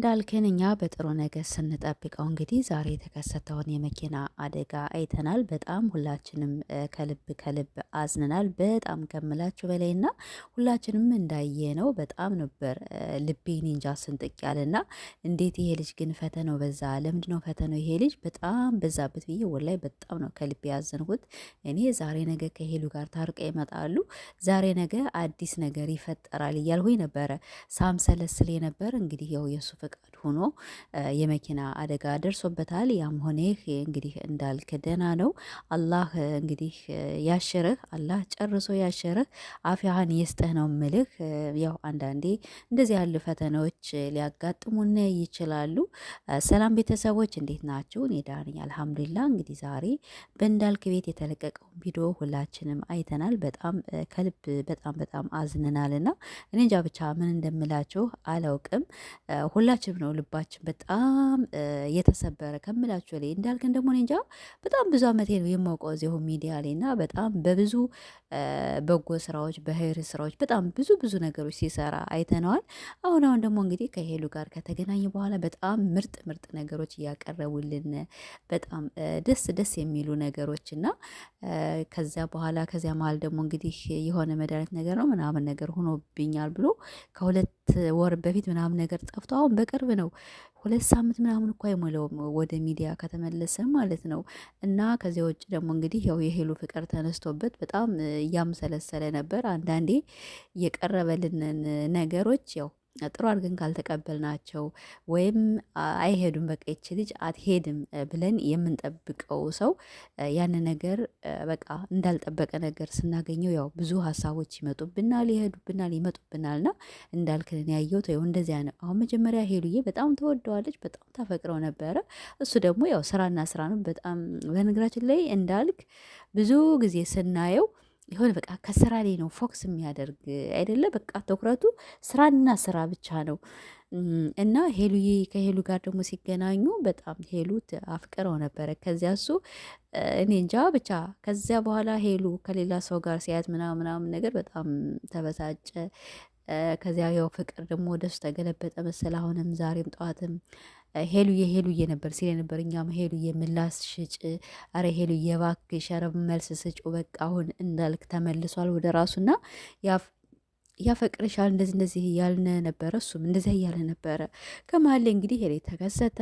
እንዳልክን እኛ በጥሩ ነገር ስንጠብቀው እንግዲህ ዛሬ የተከሰተውን የመኪና አደጋ አይተናል። በጣም ሁላችንም ከልብ ከልብ አዝነናል። በጣም ከምላችሁ በላይና ሁላችንም ነው በጣም ነበር ልቤን እንጃ ስንጥቅ ያለና እንዴት ይሄ ልጅ ግን ፈተነው በዛ። ለምንድን ነው ፈተነው ይሄ ልጅ በጣም በዛበት ብዬ ወላሂ በጣም ነው ከልብ ያዘንሁት። እኔ ዛሬ ነገ ከሄሉ ጋር ታርቀ ይመጣሉ፣ ዛሬ ነገ አዲስ ነገር ይፈጠራል እያልሁኝ ነበረ ሳምሰለስል ነበር። እንግዲህ ያው የሱ ፈቃድ ሆኖ የመኪና አደጋ ደርሶበታል። ያም ሆነህ እንግዲህ እንዳልክ ደህና ነው። አላህ እንግዲህ ያሽርህ፣ አላህ ጨርሶ ያሽርህ፣ አፍያህን ይስጥህ ነው ምልህ። ያው አንዳንዴ እንደዚህ ያሉ ፈተናዎች ሊያጋጥሙን ይችላሉ። ሰላም ቤተሰቦች እንዴት ናችሁ? እኔ ደህና ነኝ እንግዲህ ዛሬ በእንዳልክ ቤት የተለቀቀውን ቪዲዮ ሁላችንም አይተናል። በጣም ከልብ በጣም በጣም አዝነናልና እኔ እንጃ ብቻ ምን እንደምላችሁ አላውቅም ሁላ ሁላችንም ነው ልባችን በጣም የተሰበረ ከምላችሁ ላይ እንዳልከን ደግሞ እኔ እንጃ በጣም ብዙ ዓመቴ ነው የማውቀው እዚሁ ሚዲያ ላይ እና በጣም በብዙ በጎ ስራዎች በሀይር ስራዎች በጣም ብዙ ብዙ ነገሮች ሲሰራ አይተነዋል። አሁን አሁን ደግሞ እንግዲህ ከሄሉ ጋር ከተገናኘ በኋላ በጣም ምርጥ ምርጥ ነገሮች እያቀረቡልን በጣም ደስ ደስ የሚሉ ነገሮች እና ከዚያ በኋላ ከዚያ መሀል ደግሞ እንግዲህ የሆነ መድኃኒት ነገር ነው ምናምን ነገር ሆኖብኛል ብሎ ከሁለት ከሁለት ወር በፊት ምናምን ነገር ጠፍቶ አሁን በቅርብ ነው ሁለት ሳምንት ምናምን እኳ አይሞላውም ወደ ሚዲያ ከተመለሰ ማለት ነው። እና ከዚያ ውጭ ደግሞ እንግዲህ ያው የሄሉ ፍቅር ተነስቶበት በጣም እያምሰለሰለ ነበር። አንዳንዴ የቀረበልንን ነገሮች ያው ጥሩ አድርገን ካልተቀበልናቸው ወይም አይሄዱም በቃ ይቺ ልጅ አትሄድም ብለን የምንጠብቀው ሰው ያን ነገር በቃ እንዳልጠበቀ ነገር ስናገኘው ያው ብዙ ሀሳቦች ይመጡብናል፣ ይሄዱብናል፣ ይመጡብናል ና እንዳልክልን ያየሁት ይኸው እንደዚያ ነው። አሁን መጀመሪያ ሄሉዬ በጣም ተወደዋለች፣ በጣም ታፈቅረው ነበረ። እሱ ደግሞ ያው ስራና ስራ ነው። በጣም በነገራችን ላይ እንዳልክ ብዙ ጊዜ ስናየው የሆነ በቃ ከስራ ላይ ነው ፎክስ የሚያደርግ አይደለ? በቃ ትኩረቱ ስራና ስራ ብቻ ነው እና ሄሉዬ ከሄሉ ጋር ደግሞ ሲገናኙ በጣም ሄሉ አፍቅረው ነበረ። ከዚያ እሱ እኔ እንጃ ብቻ ከዚያ በኋላ ሄሉ ከሌላ ሰው ጋር ሲያያት ምናምን ምናምን ነገር በጣም ተበሳጨ። ከዚያ ያው ፍቅር ደግሞ ወደሱ ተገለበጠ መሰል። አሁንም ዛሬም ጠዋትም ሄሉዬ ሄሉዬ ነበር ሲል ነበር። እኛም ሄሉዬ ምላስ ሽጭ፣ አረ ሄሉዬ እባክሽ፣ አረ መልስ ስጭ። በቃ አሁን እንዳልክ ተመልሷል ወደ ራሱና ያፈቅርሻል እንደዚህ እንደዚህ እያልን ነበረ። እሱም እንደዚህ እያለ ነበረ። ከመሀል እንግዲህ ሄሌ ተከሰተ።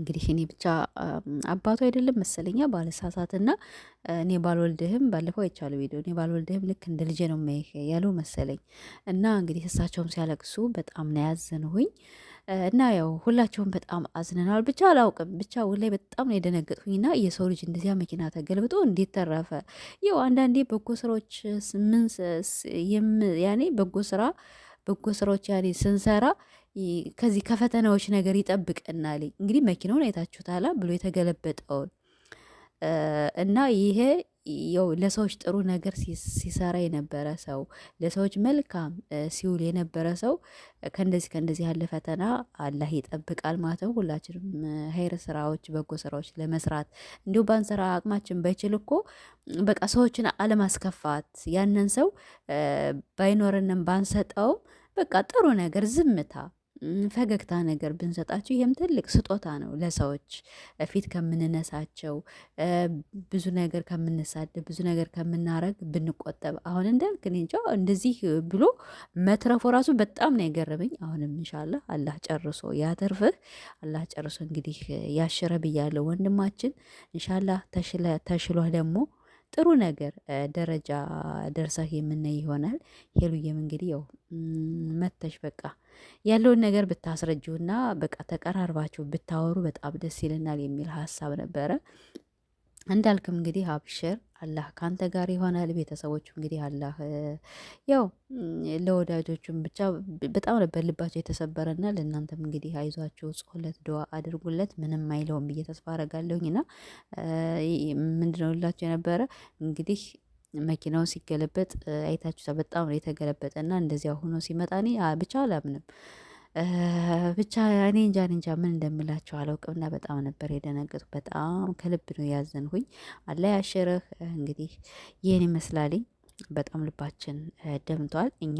እንግዲህ እኔ ብቻ አባቱ አይደለም መሰለኛ ባለሳሳት እና እኔ ባልወልድህም ባለፈው አይቻሉ ቪዲዮ እኔ ባልወልድህም ልክ እንደ ልጄ ነው ማይህ ያሉ መሰለኝ እና እንግዲህ እሳቸውም ሲያለቅሱ በጣም ነው ያዘንሁኝ። እና ያው ሁላቸውም በጣም አዝነናል። ብቻ አላውቅም ብቻ ላይ በጣም ነው የደነገጥኩኝና የሰው ልጅ እንደዚያ መኪና ተገልብጦ እንዴት ተረፈ? ያው አንዳንዴ በጎ ስራዎች ምን ያኔ በጎ ስራ በጎ ስራዎች ያኔ ስንሰራ ከዚህ ከፈተናዎች ነገር ይጠብቀናል። እንግዲህ መኪናውን አይታችሁታላ ብሎ የተገለበጠውን እና ይሄ ያው ለሰዎች ጥሩ ነገር ሲሰራ የነበረ ሰው ለሰዎች መልካም ሲውል የነበረ ሰው ከእንደዚህ ከእንደዚህ ያለ ፈተና አላህ ይጠብቃል ማለት ነው። ሁላችንም ሀይር ስራዎች፣ በጎ ስራዎች ለመስራት እንዲሁም ባንሰራ አቅማችን በችል እኮ በቃ ሰዎችን አለማስከፋት ያንን ሰው ባይኖርንም ባንሰጠውም በቃ ጥሩ ነገር ዝምታ ፈገግታ ነገር ብንሰጣቸው ይህም ትልቅ ስጦታ ነው። ለሰዎች ፊት ከምንነሳቸው ብዙ ነገር ከምንሳደብ ብዙ ነገር ከምናረግ ብንቆጠብ አሁን እንዳልክ እኔ እንጃ እንደዚህ ብሎ መትረፎ ራሱ በጣም ነው የገረመኝ። አሁንም እንሻላ አላህ ጨርሶ ያተርፍህ፣ አላህ ጨርሶ እንግዲህ ያሽረ ብያለሁ ወንድማችን። እንሻላ ተሽሏህ ደግሞ ጥሩ ነገር ደረጃ ደርሰህ የምናይ ይሆናል። ሄሉዬም እንግዲህ ያው መተሽ በቃ ያለውን ነገር ብታስረጁና በቃ ተቀራርባችሁ ብታወሩ በጣም ደስ ይለናል የሚል ሀሳብ ነበረ። እንዳልክም እንግዲህ አብሽር አላህ ካንተ ጋር ይሆናል። ቤተሰቦቹ እንግዲህ አላህ ያው ለወዳጆቹም ብቻ በጣም ነበር ልባቸው የተሰበረና ለእናንተም እንግዲህ አይዟችሁ፣ ጾለት ድዋ አድርጉለት ምንም አይለውም ብዬ ተስፋ አረጋለሁኝና ምንድነው ላቸው የነበረ እንግዲህ መኪናው ሲገለበጥ አይታችሁታ በጣም ነው የተገለበጠና እንደዚያ ሆኖ ሲመጣ እኔ ብቻ አላምንም። ብቻ እኔ እንጃ እንጃ ምን እንደምላቸው አላውቅምና በጣም ነበር የደነገጥኩ። በጣም ከልብ ነው ያዘንሁኝ። አላ ያሽርህ። እንግዲህ ይህን ይመስላልኝ። በጣም ልባችን ደምቷል እኛ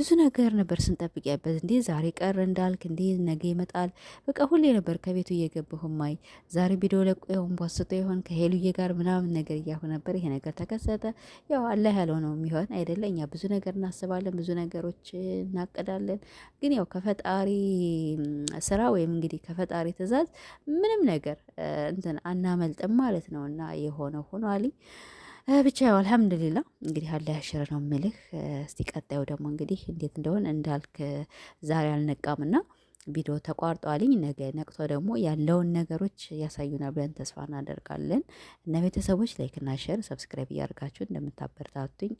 ብዙ ነገር ነበር ስንጠብቅ ያበት እንዴ ዛሬ ቀር እንዳልክ እንዴ ነገ ይመጣል። በቃ ሁሌ ነበር ከቤቱ እየገባሁ ማይ ዛሬ ቪዲዮ ለቆ ይሆን ፖስቶ ይሆን ከሄሉዬ ጋር ምናምን ነገር እያሁ ነበር። ይሄ ነገር ተከሰተ። ያው አላህ ያለው ነው የሚሆን አይደለ? እኛ ብዙ ነገር እናስባለን፣ ብዙ ነገሮች እናቀዳለን ግን ያው ከፈጣሪ ስራ ወይም እንግዲህ ከፈጣሪ ትእዛዝ ምንም ነገር እንትን አናመልጥም ማለት ነው እና የሆነው ሆኗል። ብቻ ያው አልሐምዱሊላ እንግዲህ አለ ያሸረ ነው ምልህ። እስቲ ቀጣዩ ደግሞ እንግዲህ እንዴት እንደሆን እንዳልክ ዛሬ አልነቃምና ቪዲዮ ተቋርጧልኝ። ነገ ነቅቶ ደግሞ ያለውን ነገሮች ያሳዩናል ብለን ተስፋ እናደርጋለን እና ቤተሰቦች ላይክና ሼር ሰብስክራይብ እያደርጋችሁ እንደምታበረታቱኝ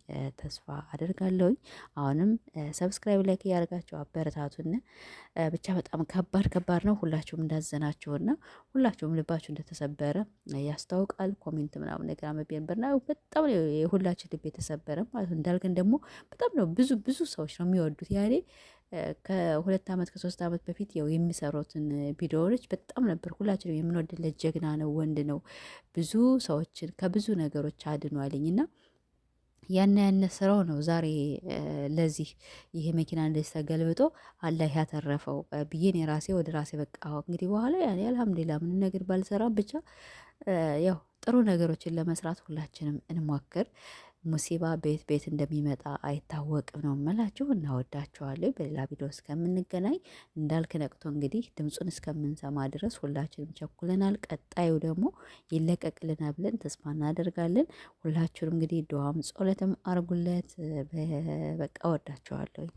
ተስፋ አደርጋለሁኝ። አሁንም ሰብስክራይብ ላይክ እያደርጋችሁ አበረታቱን። ብቻ በጣም ከባድ ከባድ ነው። ሁላችሁም እንዳዘናችሁና ሁላችሁም ልባችሁ እንደተሰበረ ያስታውቃል። ኮሜንት ምናምን ነገር አመቤን በርና በጣም የሁላችን ልብ የተሰበረ ማለት እንዳልገን ደግሞ በጣም ነው ብዙ ብዙ ሰዎች ነው የሚወዱት ያኔ ከሁለት ዓመት ከሶስት ዓመት በፊት ያው የሚሰሩትን ቪዲዮዎች በጣም ነበር ሁላችንም የምንወድለት። ጀግና ነው፣ ወንድ ነው። ብዙ ሰዎችን ከብዙ ነገሮች አድኗልኝ እና ያን ያነ ስራው ነው ዛሬ ለዚህ ይሄ መኪና እንደዚህ ተገልብጦ አላህ ያተረፈው ብዬን የራሴ ወደ ራሴ በቃ እንግዲህ በኋላ ያኔ አልሐምዱሊላ ምንም ነገር ባልሰራ ብቻ ያው ጥሩ ነገሮችን ለመስራት ሁላችንም እንሞክር። ሙሲባ ቤት ቤት እንደሚመጣ አይታወቅም ነው የምላችሁ። እናወዳችኋለን። በሌላ ቪዲዮ እስከምንገናኝ እንዳልክ ነቅቶ እንግዲህ ድምፁን እስከምንሰማ ድረስ ሁላችንም ቸኩለናል። ቀጣዩ ደግሞ ይለቀቅልና ብለን ተስፋ እናደርጋለን። ሁላችሁንም እንግዲህ ድዋም ጾለትም አርጉለት። በቃ ወዳችኋለሁ።